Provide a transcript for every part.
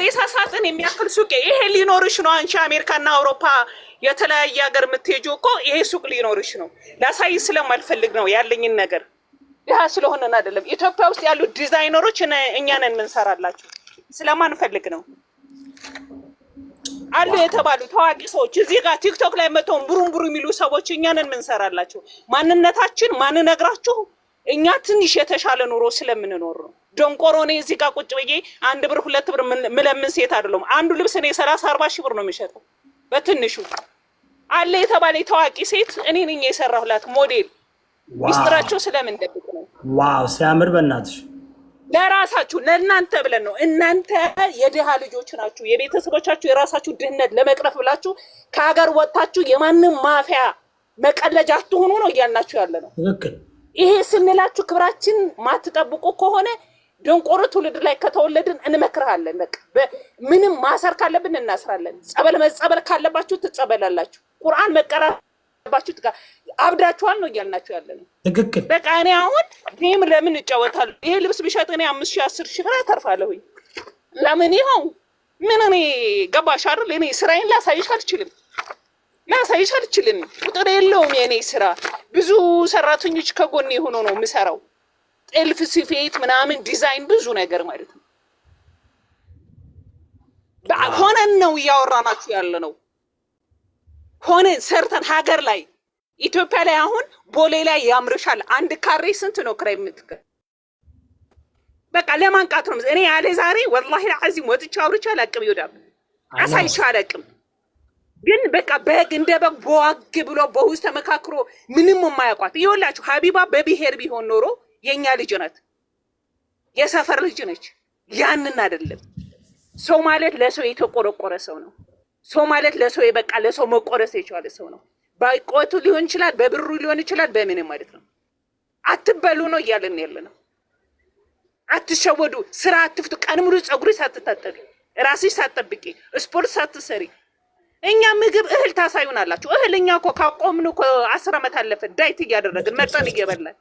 የሬሳ ሳጥን የሚያክል ሱቅ ይሄ ሊኖርሽ ነው። አንቺ አሜሪካና አውሮፓ የተለያየ ሀገር የምትሄጂው እኮ ይሄ ሱቅ ሊኖርሽ ነው። ላሳይ ስለማልፈልግ ነው ያለኝን ነገር ያ ስለሆነን አይደለም። ኢትዮጵያ ውስጥ ያሉ ዲዛይነሮች እኛን እንሰራላቸው ስለማንፈልግ ነው አሉ የተባሉ ታዋቂ ሰዎች እዚህ ጋር ቲክቶክ ላይ መተውን ቡሩምቡሩ የሚሉ ሰዎች እኛንን ምንሰራላችሁ ማንነታችን ማንነግራችሁ እኛ ትንሽ የተሻለ ኑሮ ስለምንኖር ነው። ደንቆሮኔ እዚህ ጋር ቁጭ ብዬ አንድ ብር ሁለት ብር ምለምን ሴት አይደለሁም። አንዱ ልብስ እኔ ሰላሳ አርባ ሺህ ብር ነው የሚሸጠው በትንሹ አለ የተባለ ታዋቂ ሴት እኔ ነኝ የሰራሁላት ሞዴል። ሚስጥራቸው ስለምን ደብቅ ነው? ዋው ሲያምር! በእናትሽ ለራሳችሁ ለእናንተ ብለን ነው። እናንተ የድሃ ልጆች ናችሁ። የቤተሰቦቻችሁ የራሳችሁ ድህነት ለመቅረፍ ብላችሁ ከሀገር ወጥታችሁ የማንም ማፊያ መቀለጃ አትሆኑ ነው እያልናችሁ ያለ ነው። ይሄ ስንላችሁ ክብራችን ማትጠብቁ ከሆነ ደንቆሮ ትውልድ ላይ ከተወለድን እንመክርሃለን። በቃ ምንም ማሰር ካለብን እናስራለን። ጸበል መጸበል ካለባችሁ ትጸበላላችሁ። ቁርአን መቀራ ባችሁ አብዳችኋል ነው እያልናችሁ ያለ ነው። ትክክል በቃ እኔ አሁን ይህም ለምን እጫወታለሁ? ይሄ ልብስ ብሸጥ እኔ አምስት ሺህ አስር ሺህ ብር አተርፋለሁኝ። ለምን ይኸው ምን እኔ ገባሽ አይደል? እኔ ስራዬን ላሳይሽ አልችልም ላሳይሽ አልችልም። ቁጥር የለውም የእኔ ስራ። ብዙ ሰራተኞች ከጎኔ ሆኖ ነው የምሰራው ጥልፍ፣ ስፌት ምናምን ዲዛይን ብዙ ነገር ማለት ነው። ሆነን ነው እያወራናችሁ ያለ ነው። ሆነን ሰርተን ሀገር ላይ ኢትዮጵያ ላይ አሁን ቦሌ ላይ ያምርሻል። አንድ ካሬ ስንት ነው ክራይ የምትከ በቃ ለማንቃት ነው። እኔ ያለ ዛሬ ወላሂ አዚም ወጥቼ አውርቼ አላቅም፣ ይወዳል አሳይቼ አላቅም። ግን በቃ በግ እንደ በግ በዋግ ብሎ በውስጥ ተመካክሮ ምንም የማያውቋት ይኸውላችሁ ሀቢባ በብሄር ቢሆን ኖሮ የእኛ ልጅ ናት፣ የሰፈር ልጅ ነች። ያንን አይደለም። ሰው ማለት ለሰው የተቆረቆረ ሰው ነው። ሰው ማለት ለሰው የበቃ ለሰው መቆረስ የቻለ ሰው ነው። በቆቱ ሊሆን ይችላል፣ በብሩ ሊሆን ይችላል፣ በምንም ማለት ነው። አትበሉ ነው እያለን ያለ ነው። አትሸወዱ፣ ስራ አትፍቱ። ቀን ሙሉ ፀጉርሽ ሳትታጠቢ፣ ራስሽ ሳትጠብቂ፣ ስፖርት ሳትሰሪ እኛ ምግብ እህል ታሳዩናላችሁ። እህል እኛ እኮ ካቆምን እኮ አስር ዓመት አለፈ። ዳይት እያደረግን መጠን እየበላል።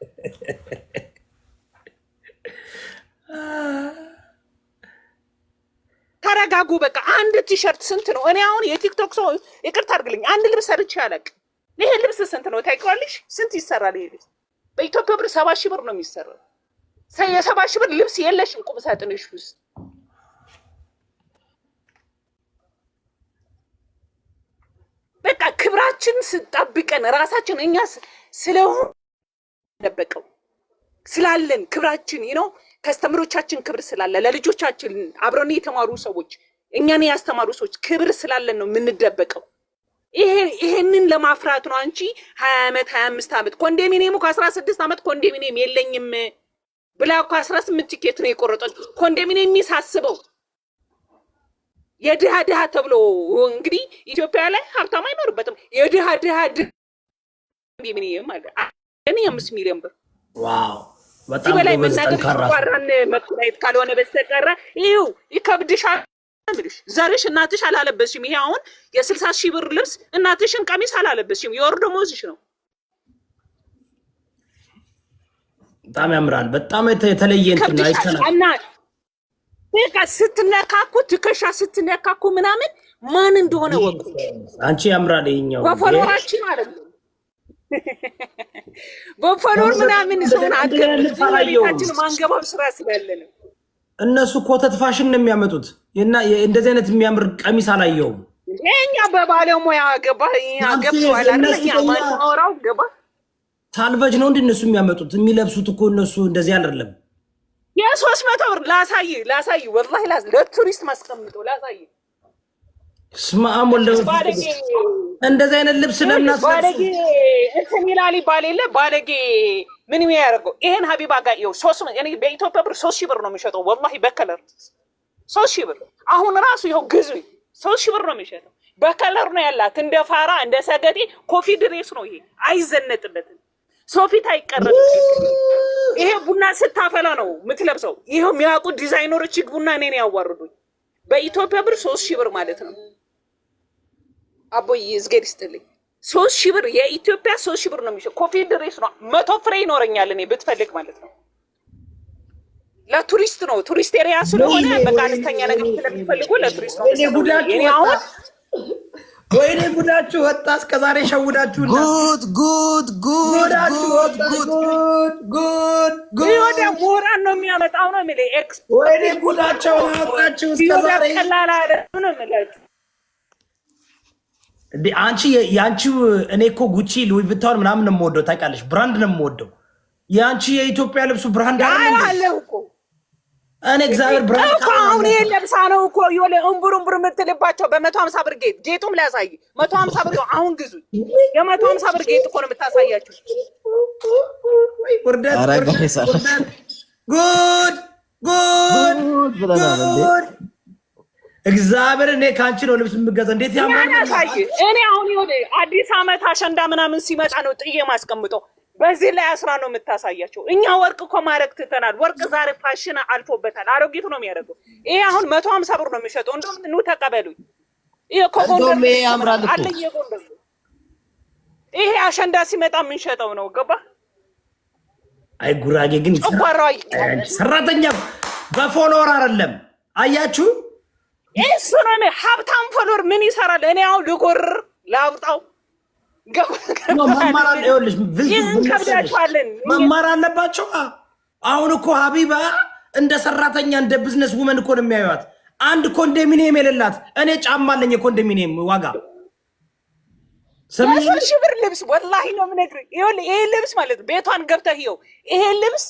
ተረጋጉ። በቃ አንድ ቲሸርት ስንት ነው? እኔ አሁን የቲክቶክ ሰው ይቅርታ አድርግልኝ፣ አንድ ልብስ ሰርቼ አላውቅም። ይሄ ልብስ ስንት ነው ታውቂዋለሽ? ስንት ይሰራል ይሄ ልብስ? በኢትዮጵያ ብር ሰባ ሺህ ብር ነው የሚሰራው። የሰባ ሺህ ብር ልብስ የለሽም ቁም ሳጥንሽ ውስጥ በቃ ክብራችን ስጠብቀን ራሳችን እኛ ስለሆን ደበቀው ስላለን ክብራችን ይነው ከስተምሮቻችን ክብር ስላለ ለልጆቻችን አብረን የተማሩ ሰዎች እኛን ያስተማሩ ሰዎች ክብር ስላለን ነው የምንደበቀው። ይሄንን ለማፍራት ነው። አንቺ ሀያ ዓመት ሀያ አምስት ዓመት ኮንዶሚኒየሙ ከአስራ ስድስት ዓመት ኮንዶሚኒየም የለኝም ብላ እኮ አስራ ስምንት ቲኬት ነው የቆረጠች ኮንዶሚኒየም የሚሳስበው የድሃ ድሃ ተብሎ እንግዲህ ኢትዮጵያ ላይ ሀብታም አይኖርበትም። የድሃ ድሃ ድ ኮንዶሚኒየም አለ አምስት ሚሊዮን ብር ዋው በጣም በላይ መናገርኳራን ካልሆነ በስተቀረ ይው ይከብድሻል ብልሽ ዘርሽ እናትሽ አላለበስሽም። ይሄ አሁን የስልሳ ሺህ ብር ልብስ እናትሽን ቀሚስ አላለበስሽም። የወር ደመወዝሽ ነው። በጣም ያምራል። በጣም የተለየ እንትን ስትነካኩ ትከሻ ስትነካኩ ምናምን ማን እንደሆነ ወቁ። አንቺ ያምራል። ይኸኛው ወፈሮራችን ማለት በፎሎር ምናምን ሰውን አገቤታችን ማንገባብ ስራ ስላለ ነው። እነሱ ኮተት ፋሽን ነው የሚያመጡት። እንደዚህ አይነት የሚያምር ቀሚስ አላየውም። እኛ በባለሙያ ገባ ገባላማወራው ገባ ታልቫጅ ነው እንዲ እነሱ የሚያመጡት የሚለብሱት እኮ እነሱ እንደዚህ አይደለም። የሶስት መቶ ብር ላሳይ ላሳይ ወላሂ ለቱሪስት ማስቀምጠው ላሳይ ስማአም ወልደ እንደዚህ አይነት ልብስ ለምናስ ሚናሊ ባል የለ ባለጌ ምን የሚያደርገው ይሄን ሀቢባ ጋር ይኸው ሶስት በኢትዮጵያ ብር ሶስት ሺ ብር ነው የሚሸጠው። ወላሂ በከለር ሶስት ሺህ ብር አሁን ራሱ ይኸው ግዙ ሶስት ሺህ ብር ነው የሚሸጠው። በከለር ነው ያላት እንደ ፋራ እንደ ሰገጤ ኮፊ ድሬስ ነው ይሄ። አይዘነጥበትም፣ ሶፊት ፊት አይቀረም። ይሄ ቡና ስታፈላ ነው የምትለብሰው። ይሄው የሚያውቁ ዲዛይነሮች ቡና እኔን ያዋርዱኝ። በኢትዮጵያ ብር ሶስት ሺህ ብር ማለት ነው። አቦይ እዝጌድ ይስጥልኝ። ሶስት ሺህ ብር የኢትዮጵያ ሶስት ሺህ ብር ነው የሚሸጠው። ኮፊ ድሬስ ነው መቶ ፍሬ ይኖረኛል እኔ ብትፈልግ ማለት ነው። ለቱሪስት ነው ቱሪስት ኤሪያ ስለሆነ በቃ አነስተኛ ነገር ስለሚፈልጉ ለቱሪስት ነው። ወይኔ ጉዳችሁ ወጣ። እስከዛሬ ሸውዳችሁ ጉድ ጉድ ጉድ ጉድ ጉድ ጉድ ወደ ምሁራን ነው የሚያመጣው ነው የሚለኝ። ወይኔ ጉዳቸውን አወጣችሁ። እስከዛሬ ቀላል አይደለም ነው የሚላችሁ አንቺ የአንቺ እኔ እኮ ጉቺ ሉዊ ቪቶን ምናምን ነው የምወደው፣ ታውቂያለሽ፣ ብራንድ ነው የምወደው። የአንቺ የኢትዮጵያ ልብሱ ብራንድ አለው እኮ እኔ እግዚአብሔር ብራንድ አሁን ለብሳ ነው እኮ የሆነ እምቡር እምቡር የምትልባቸው በመቶ ሀምሳ ብር ጌጥ ጌጡም ላሳይ መቶ ሀምሳ ብር አሁን ግዙ። የመቶ ሀምሳ ብር ጌጥ እኮ ነው የምታሳያቸው። ጉድ ጉድ ጉድ እግዚአብሔር እኔ ከአንቺ ነው ልብስ የምገዛ። እንዴት ያማሳይ እኔ አሁን የሆነ አዲስ ዓመት አሸንዳ ምናምን ሲመጣ ነው ጥዬ ማስቀምጠው። በዚህ ላይ አስራ ነው የምታሳያቸው። እኛ ወርቅ እኮ ማድረግ ትተናል። ወርቅ ዛሬ ፋሽን አልፎበታል። አሮጌቱ ነው የሚያደርገው። ይሄ አሁን መቶ ሀምሳ ብር ነው የሚሸጠው። እንደውም ኑ ተቀበሉኝ። ይሄ እኮ ጎንደር አለ የጎንደር ይሄ አሸንዳ ሲመጣ የምንሸጠው ነው። ገባ አይ ጉራጌ ግን ሰራተኛ በፎሎወር አይደለም አያችሁ እሱ ነው ሀብታም ፎሎወር ምን ይሰራል? እኔ አሁን ልጎር ላውጣው መማር አለባቸው። አሁን እኮ ሀቢባ እንደ ሰራተኛ እንደ ቢዝነስ ውመን እኮ ነው የሚያዩት። አንድ ኮንዶሚኒየም የሌላት እኔ ጫማ አለኝ የኮንዶሚኒየም ዋጋ ሶስት ሺህ ብር ልብስ ወላሂ ነው የምነግርህ። ይሄ ልብስ ማለት ቤቷን ገብተህ ይኸው ይሄ ልብስ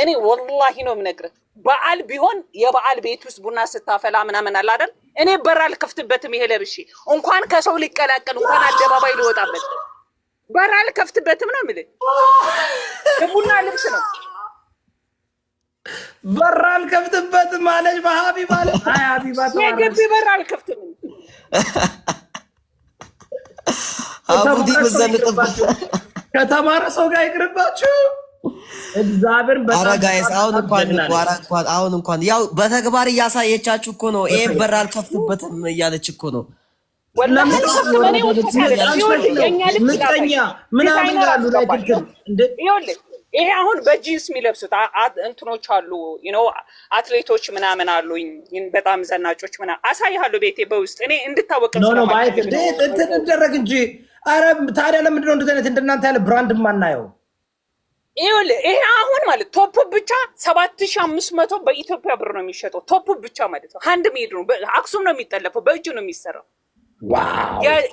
እኔ ወላሂ ነው የምነግርህ። በዓል ቢሆን የበዓል ቤት ውስጥ ቡና ስታፈላ ምናምን አለ አይደል? እኔ በር አልከፍትበትም። ይሄ ለብሼ እንኳን ከሰው ሊቀላቀል እንኳን አደባባይ ሊወጣበት በር አልከፍትበትም ነው የምልህ። ቡና ልብስ ነው በር አልከፍትበትም አለች። በሀቢባ ሀቢባ የግቢ በር አልከፍትም አቡዲ ብዘንጥበት ከተማረ ሰው ጋር ይቅርባችሁ። እግዚአብሔር አረጋይስ አሁን እንኳን ቋራ እንኳን አሁን እንኳን ያው በተግባር እያሳየቻችሁ እኮ ነው። ይሄ በር አልከፍትበትም እያለች እኮ ነው። ይሄ አሁን በጂንስ የሚለብሱት እንትኖች አሉ፣ አትሌቶች ምናምን አሉኝ፣ በጣም ዘናጮች ምናምን አሳይሃለሁ። ቤቴ በውስጥ እኔ እንድታወቅ እንትን እንደረግ እንጂ። ታዲያ ለምንድነው እንደዚህ አይነት እንደናንተ ያለ ብራንድ ማናየው? ይሄ አሁን ማለት ቶፕ ብቻ ሰባት ሺ አምስት መቶ በኢትዮጵያ ብር ነው የሚሸጠው። ቶፕ ብቻ ማለት ነው። አንድ ሜድ ነው። አክሱም ነው የሚጠለፈው። በእጁ ነው የሚሰራው።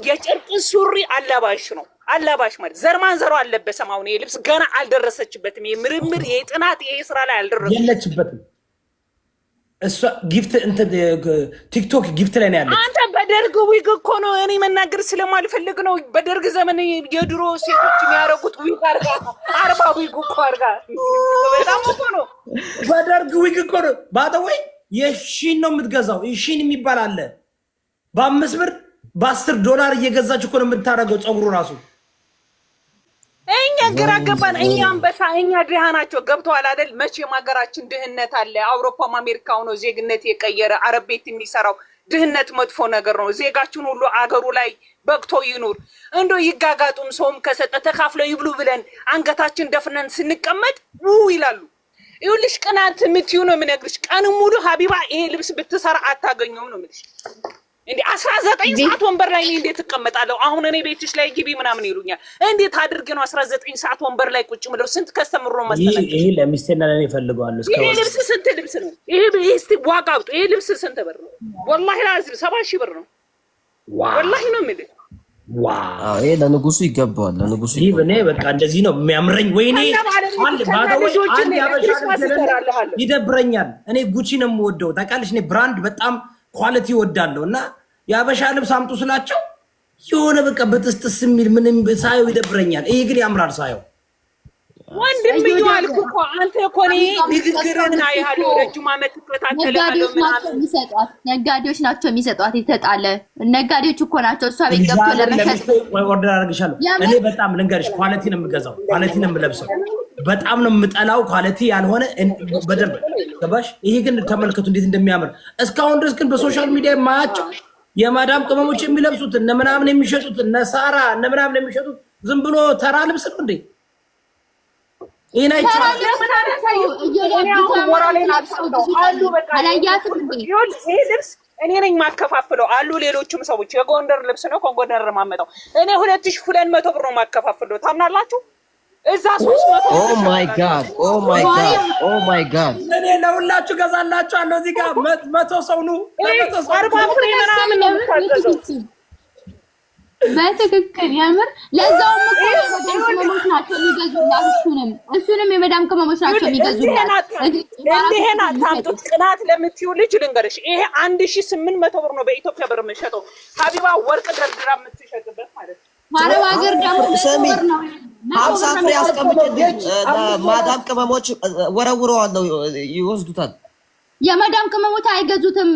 የጨርቅ ሱሪ አላባሽ ነው። አላባሽ ማለት ዘርማን ዘሮ አለበሰም። አሁን ይሄ ልብስ ገና አልደረሰችበትም። ይሄ ምርምር፣ ይሄ ጥናት፣ ይሄ ስራ ላይ አልደረሰችበትም። እሷ ጊፍት ቲክቶክ ጊፍት ላይ ነው ያለ። አንተ በደርግ ዊግ እኮ ነው እኔ መናገር ስለማልፈልግ ነው። በደርግ ዘመን የድሮ ሴቶች የሚያደርጉት ዊግ አርጋ አርባ ዊግ እኮ አርጋ በጣም እኮ ነው። በደርግ ዊግ እኮ ነው። ባተወይ የሺን ነው የምትገዛው። ሺን የሚባል አለ። በአምስት ብር በአስር ዶላር እየገዛች እኮ ነው የምታደርገው ፀጉሩ ራሱ እኛ ግራ ገባን። እኛ አንበሳ፣ እኛ ድሃ ናቸው። ገብተዋል አይደል? መቼም ሀገራችን ድህነት አለ። አውሮፓም አሜሪካ ሆኖ ዜግነት የቀየረ አረብ ቤት የሚሰራው ድህነት መጥፎ ነገር ነው። ዜጋችን ሁሉ አገሩ ላይ በቅቶ ይኑር። እንዶ ይጋጋጡም ሰውም ከሰጠ ተካፍለ ይብሉ ብለን አንገታችን ደፍነን ስንቀመጥ ው ይላሉ። ይኸውልሽ ቅናት የምትዩ ነው የምነግርሽ። ቀን ሙሉ ሀቢባ ይሄ ልብስ ብትሰራ አታገኘውም ነው የምልሽ። እንዴ አስራ ዘጠኝ ሰዓት ወንበር ላይ እኔ እንዴት እቀመጣለሁ? አሁን እኔ ቤትሽ ላይ ግቢ ምናምን ይሉኛል። እንዴት አድርጌ ነው አስራ ዘጠኝ ሰዓት ወንበር ላይ ቁጭ ምለው? ስንት ከስተምሮ መሰለኝ። ይሄ ለሚስቴና ለእኔ እፈልገዋለሁ። ይሄ ልብስ ስንት ልብስ ነው? ይሄ እስቲ ዋጋ አውጡ። ይሄ ልብስ ስንት ብር ነው? ወላሂ ላዝም ሰባ ሺህ ብር ነው። ወላሂ ነው የምልህ። ይሄ ለንጉሱ ይገባዋል። ለንጉሱ እኔ በቃ እንደዚህ ነው የሚያምረኝ። ወይኔ ይደብረኛል። እኔ ጉቺ ነው የምወደው ታውቃለች። እኔ ብራንድ በጣም ኳሊቲ ወዳለው እና የአበሻ ልብስ አምጡ ስላቸው የሆነ በቃ በጥስጥስ የሚል ምንም ሳየው ይደብረኛል። ይሄ ግን ያምራል ሳየው ወንድም አልኩ እኮ አንተ እኮ እኔ ንግግርህን አያለሁ። ረጅም ዓመት ትከታተላለህ። ነጋዴዎች ናቸው የሚሰጧት የተጣለ ነጋዴዎች እኮ ናቸው። እሷ ቤት ገብቶ ለመሸጥ ኦርደር አደርግሻለሁ። እኔ በጣም ልንገርሽ፣ ኳሊቲ ነው የምገዛው፣ ኳሊቲ ነው የምለብሰው። በጣም ነው የምጠላው ኳሊቲ ያልሆነ በደንብ ገባሽ። ይሄ ግን ተመልከቱ እንዴት እንደሚያምር እስካሁን ድረስ ግን በሶሻል ሚዲያ የማያቸው የማዳም ቅመሞች የሚለብሱት እነ ምናምን የሚሸጡት እነ ሳራ እነ ምናምን የሚሸጡት ዝም ብሎ ተራ ልብስ ነው እንዴ? ልብስ እኔ ነኝ የማከፋፍለው አሉ ሌሎችም ሰዎች የጎንደር ልብስ ነው ከጎንደር ማመጣው እኔ ሁለት ሺህ ሁለት መቶ ብር ነው የማከፋፍለው ታምናላችሁ እዛ oh oh oh እኔ ለሁላችሁ ገዛላችኋለሁ እዚህ ጋር መቶ ሰው ኑ በትክክል የምር ለዛውም እሱንም እሱንም የመዳም ቅመሞች ናቸው የሚገዙላት። ይሄን አታምጡት። ቅናት ለምትይው ልጅ ልንገርሽ፣ ይሄ አንድ ሺህ ስምንት መቶ ብር ነው በኢትዮጵያ ብር የምትሸጠው ሀቢባ ወርቅ ደርድራ የምትሸጥበት ማለት ነው። አረብ ሀገር ደግሞ ሀምሳ ፍሬ አስቀምጭልኝ። ማዳም ቅመሞች ወረውረዋለሁ፣ ይወስዱታል። የመዳም ቅመሞች አይገዙትም።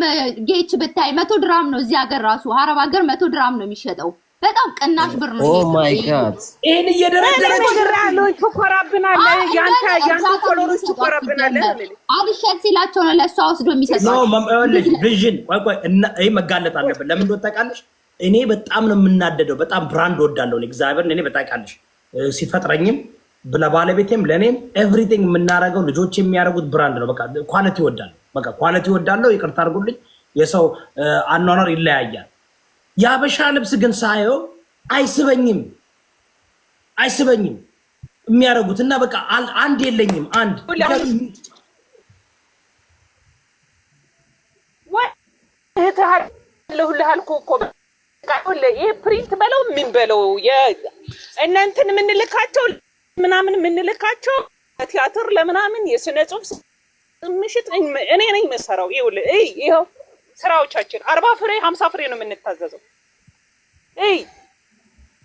ጌች ብታይ መቶ ድራም ነው እዚህ ሀገር ራሱ፣ አረብ ሀገር መቶ ድራም ነው የሚሸጠው በጣም ቅናሽ ብር ነው። ኦ ማይ ጋድ ይሄን እየደረደረች ነው ኮራብናል። ያንተ ያንተ ኮሎሮች ኮራብናል። አብሸት ሲላቸው ነው ለሷ ወስዶ የሚሰጣው ነው። ቪዥን ቆይ ቆይ፣ እና ይሄ መጋለጥ አለብን። ለምን ወጣቃለሽ? እኔ በጣም ነው የምናደደው። በጣም ብራንድ ወዳለው ነው እግዚአብሔር እኔ በጣቃለሽ ሲፈጥረኝም ለባለቤቴም ለእኔም ኤቭሪቲንግ የምናደርገው ልጆች የሚያደርጉት ብራንድ ነው። በቃ ኳሊቲ ወዳለሁ። በቃ ኳሊቲ ወዳለሁ። ይቅርታ አድርጉልኝ፣ የሰው አኗኗር ይለያያል። የአበሻ ልብስ ግን ሳየው አይስበኝም አይስበኝም የሚያደርጉት እና በቃ አንድ የለኝም። አንድ ይህ ፕሪንት በለው ምን በለው እናንትን የምንልካቸው ምናምን የምንልካቸው ቲያትር ለምናምን የስነ ጽሁፍ ምሽት እኔ ነኝ መሰራው ይኸውልህ ይኸው ስራዎቻችን አርባ ፍሬ ሀምሳ ፍሬ ነው የምንታዘዘው። ይ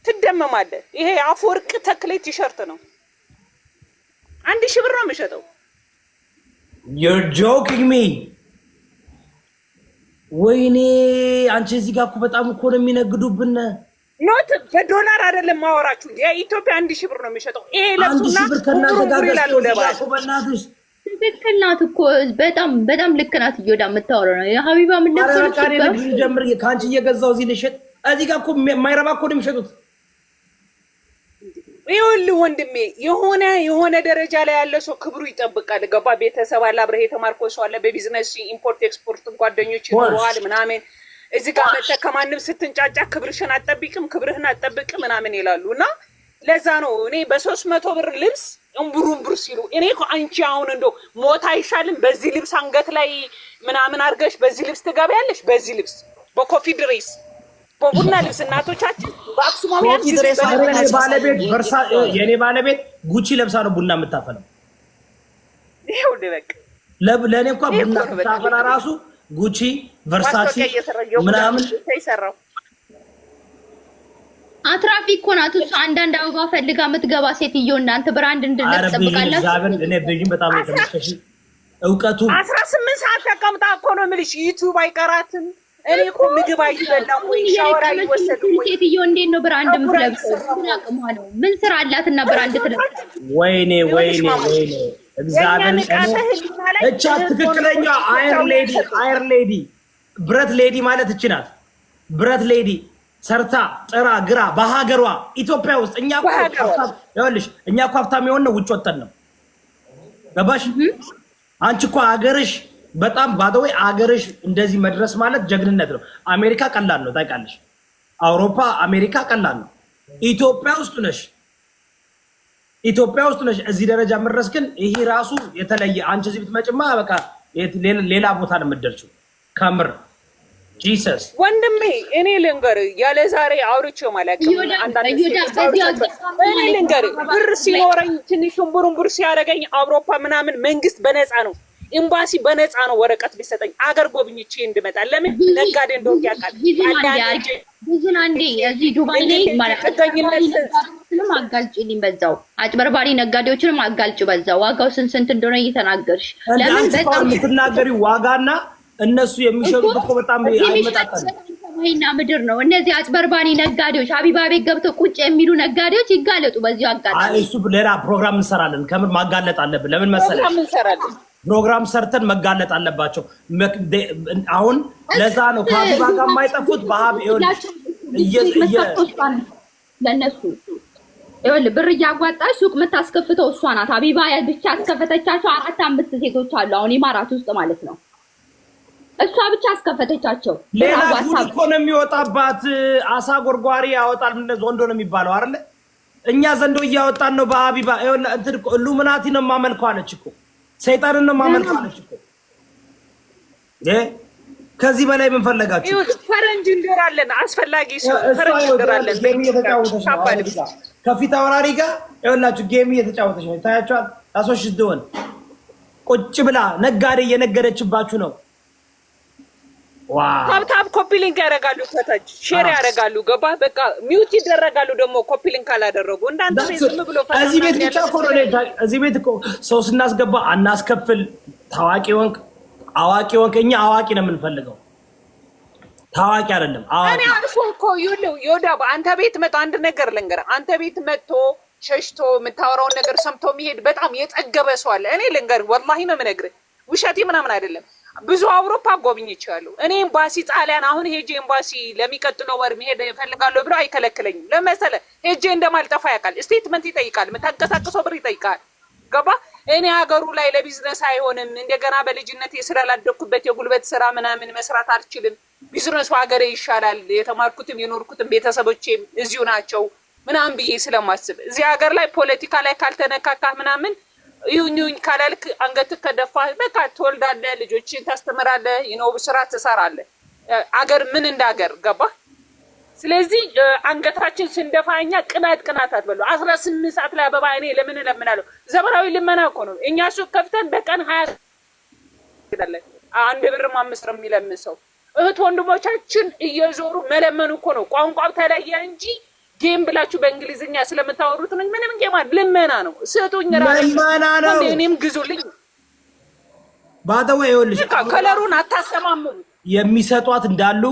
ትደመማለህ። ይሄ አፈወርቅ ተክሌ ቲሸርት ነው አንድ ሺህ ብር ነው የምሸጠው። ዩር ጆኪንግ ሚ ወይኔ አንቺ እዚህ ጋር እኮ በጣም እኮ ነው የሚነግዱብን። ኖት በዶላር አይደለም ማወራችሁ። የኢትዮጵያ አንድ ሺህ ብር ነው የሚሸጠው ይሄ ለብሱና ብር ከእናንተ ጋር ገ ልክል ናት እኮ በጣም በጣም ልክ ናት። እየወዳ የምታወራው ነው የሀቢባ ምን ከአንቺ እየገዛው እዚህ ልሸጥ እዚህ ጋር እኮ የማይረባ እኮ ነው የሚሸጡት። ይኸውልህ ወንድሜ የሆነ የሆነ ደረጃ ላይ ያለ ሰው ክብሩ ይጠብቃል። ገባ ቤተሰብ አለ፣ አብረህ የተማርኮ ሰው አለ፣ በቢዝነስ ኢምፖርት ኤክስፖርት ጓደኞች ይኖረዋል ምናምን። እዚህ ጋር መተህ ከማንም ስትንጫጫ ክብርሽን አትጠብቅም፣ ክብርህን አጠብቅ ምናምን ይላሉ እና ለዛ ነው እኔ በሶስት መቶ ብር ልብስ እምቡር እምቡር ሲሉ እኔ እኮ አንቺ አሁን እንደው ሞት አይሻልም? በዚህ ልብስ አንገት ላይ ምናምን አድርገሽ በዚህ ልብስ ትገቢያለሽ። በዚህ ልብስ በኮፊ ድሬስ በቡና ልብስ እናቶቻችን በአክሱማውያን የኔ ባለቤት ጉቺ ለብሳ ነው ቡና የምታፈለው። ይሄው ልበቅ ለእኔ እንኳ ቡና ምታፈላ ራሱ ጉቺ ቨርሳቺ ምናምን ሰራው አትራፊ እኮ ናት እሷ። አንዳንድ አበባ ፈልጋ የምትገባ ሴትዮ እናንተ ብራንድ እንድንለብስ እውቀቱ አስራ ስምንት ሰዓት ተቀምጣ እኮ ነው የምልሽ። ዩቱብ አይቀራትም። እኔ እኮ ምግብ አይበላም ሴትዮ እንዴት ነው ብራንድ ምን ስራ አላትና ብራንድ ወይኔ ወይኔ ወይኔ እቻ ትክክለኛ አየር ሌዲ አየር ሌዲ ብረት ሌዲ ማለት እቺ ናት ብረት ሌዲ ሰርታ ጥራ ግራ በሀገሯ ኢትዮጵያ ውስጥ እኛ ይኸውልሽ፣ እኛ እኮ ሀብታም የሆን ነው ውጭ ወጠን ነው ገባሽ? አንቺ እኮ ሀገርሽ በጣም ባደወይ አገርሽ እንደዚህ መድረስ ማለት ጀግንነት ነው። አሜሪካ ቀላል ነው ታውቂያለሽ። አውሮፓ አሜሪካ ቀላል ነው። ኢትዮጵያ ውስጥ ነሽ ኢትዮጵያ ውስጥ ነሽ እዚህ ደረጃ መድረስ ግን ይሄ ራሱ የተለየ አንቺ እዚህ ብትመጭማ በቃ ሌላ ቦታ ነው የምትደርሺው ከምር ጂሰስ ወንድሜ እኔ ልንገርህ፣ ያለ ዛሬ አውርቼው ማለት እኔ ብር ሲኖረኝ ትንሹን ብሩን ብር ሲያደርገኝ አውሮፓ ምናምን መንግስት በነፃ ነው ኤምባሲ በነፃ ነው ወረቀት ቢሰጠኝ አገር ጎብኝቼ እንድመጣ ለምን ነጋዴ እንደሆንኩ ያውቃል። ብዙን አንዴ እዚህ ዱባይ አጋልጭልኝ በዛው አጭበርባሪ ነጋዴዎችንም አጋልጭ በዛው ዋጋው ስንት ስንት እንደሆነ እየተናገርሽ ለምን በጣም ትናገሪ ዋጋና እነሱ የሚሸጡት እኮ በጣም ሰማይና ምድር ነው። እነዚህ አጭበርባሪ ነጋዴዎች አቢባ ቤት ገብተው ቁጭ የሚሉ ነጋዴዎች ይጋለጡ። በዚ አጋጣሚ እሱ ሌላ ፕሮግራም እንሰራለን። ከምን ማጋለጥ አለብን? ለምን መሰለሽ ፕሮግራም ሰርተን መጋለጥ አለባቸው። አሁን ለዛ ነው ከአቢባ ጋር የማይጠፉት በሀብ ለእነሱ ይኸውልህ ብር እያጓጣች ሱቅ የምታስከፍተው እሷ ናት። አቢባ ብቻ አስከፈተቻቸው አራት አምስት ሴቶች አሉ አሁን ኢማራት ውስጥ ማለት ነው። እሷ ብቻ አስከፈተቻቸው። ሌላ እኮ ነው የሚወጣባት። አሳ ጎርጓሪ ያወጣል። ምን ዘንዶ ነው የሚባለው አይደለ? እኛ ዘንዶ እያወጣን ነው። በአቢባ ሉምናቲ ነው የማመልከው አለች እኮ ሰይጣንን ነው የማመልከው አለች እኮ። ከዚህ በላይ ምን ፈለጋችሁ? ፈረንጅ እንገራለን። አስፈላጊ ፈረንጅ እንገራለን። ከፊት አውራሪ ጋር ይኸውላችሁ ጌም እየተጫወተች ነው። ታያችኋል። ራሶች ስትሆን ቁጭ ብላ ነጋዴ እየነገደችባችሁ ነው ታብታብ ኮፒ ሊንክ ያደርጋሉ፣ ከታች ሼር ያደርጋሉ። ገባ በቃ ሚውት ይደረጋሉ። ደግሞ ኮፒ ሊንክ ካላደረጉ እንዳንተ ዝም ብሎ እዚህ ቤት ብቻ እኮ ነው። እዚህ ቤት እኮ ሰው ስናስገባ አናስከፍል። ታዋቂ ወንክ አዋቂ ወንክ፣ እኛ አዋቂ ነው የምንፈልገው ታዋቂ አይደለም። እኔ አልፎ እኮ ይኸውልህ፣ ዮዳ አንተ ቤት መጥቶ አንድ ነገር ልንገርህ፣ አንተ ቤት መጥቶ ሸሽቶ የምታወራውን ነገር ሰምቶ የሚሄድ በጣም የጠገበ ሰው አለ። እኔ ልንገርህ፣ ወላሂ ነው የምነግርህ፣ ውሸቴ ምናምን አይደለም። ብዙ አውሮፓ ጎብኝቻለሁ። እኔ ኤምባሲ ጣሊያን አሁን ሄጄ ኤምባሲ ለሚቀጥለው ወር መሄድ እፈልጋለሁ ብሎ አይከለክለኝም። ለመሰለ ሄጄ እንደማልጠፋ ያውቃል። ስቴትመንት ይጠይቃል፣ የምታንቀሳቅሰው ብር ይጠይቃል። ገባ እኔ ሀገሩ ላይ ለቢዝነስ አይሆንም። እንደገና በልጅነት ስላላደግኩበት የጉልበት ስራ ምናምን መስራት አልችልም። ቢዝነሱ ሀገሬ ይሻላል፣ የተማርኩትም የኖርኩትም ቤተሰቦቼም እዚሁ ናቸው ምናምን ብዬ ስለማስብ እዚህ ሀገር ላይ ፖለቲካ ላይ ካልተነካካ ምናምን ይሁኝ ይሁኝ ካላልክ አንገት ከደፋ በቃ ትወልዳለህ፣ ልጆችን ታስተምራለህ፣ ይኖ ስራ ትሰራለህ። አገር ምን እንደ አገር ገባህ? ስለዚህ አንገታችን ስንደፋ እኛ ቅናት ቅናት አትበሉ። አስራ ስምንት ሰዓት ላይ አበባ እኔ ለምን እለምናለሁ? ዘመናዊ ልመና እኮ ነው። እኛ ሱቅ ከፍተን በቀን ሀያ አንድ ብርም አምስት ብር የሚለምን ሰው እህት ወንድሞቻችን እየዞሩ መለመኑ እኮ ነው። ቋንቋው ተለየ እንጂ ጌም ብላችሁ በእንግሊዝኛ ስለምታወሩት ነኝ። ምንም ጌማ ልመና ነው። ስጡኝ፣ ልመና ነው። እኔም ግዙልኝ። ባደዋ ይኸውልሽ፣ ከለሩን አታሰማሙ። የሚሰጧት እንዳሉ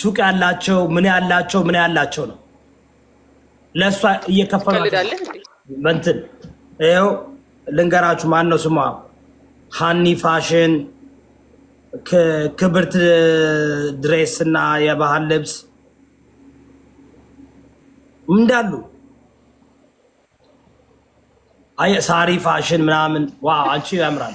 ሱቅ ያላቸው ምን ያላቸው ምን ያላቸው ነው። ለእሷ እየከፈሏት እንትን ይኸው ልንገራችሁ። ማን ነው ስሟ? ሃኒ ፋሽን፣ ክብርት ድሬስ እና የባህል ልብስ እንዳሉ ሳሪ ፋሽን ምናምን ዋ አንቺ ያምራል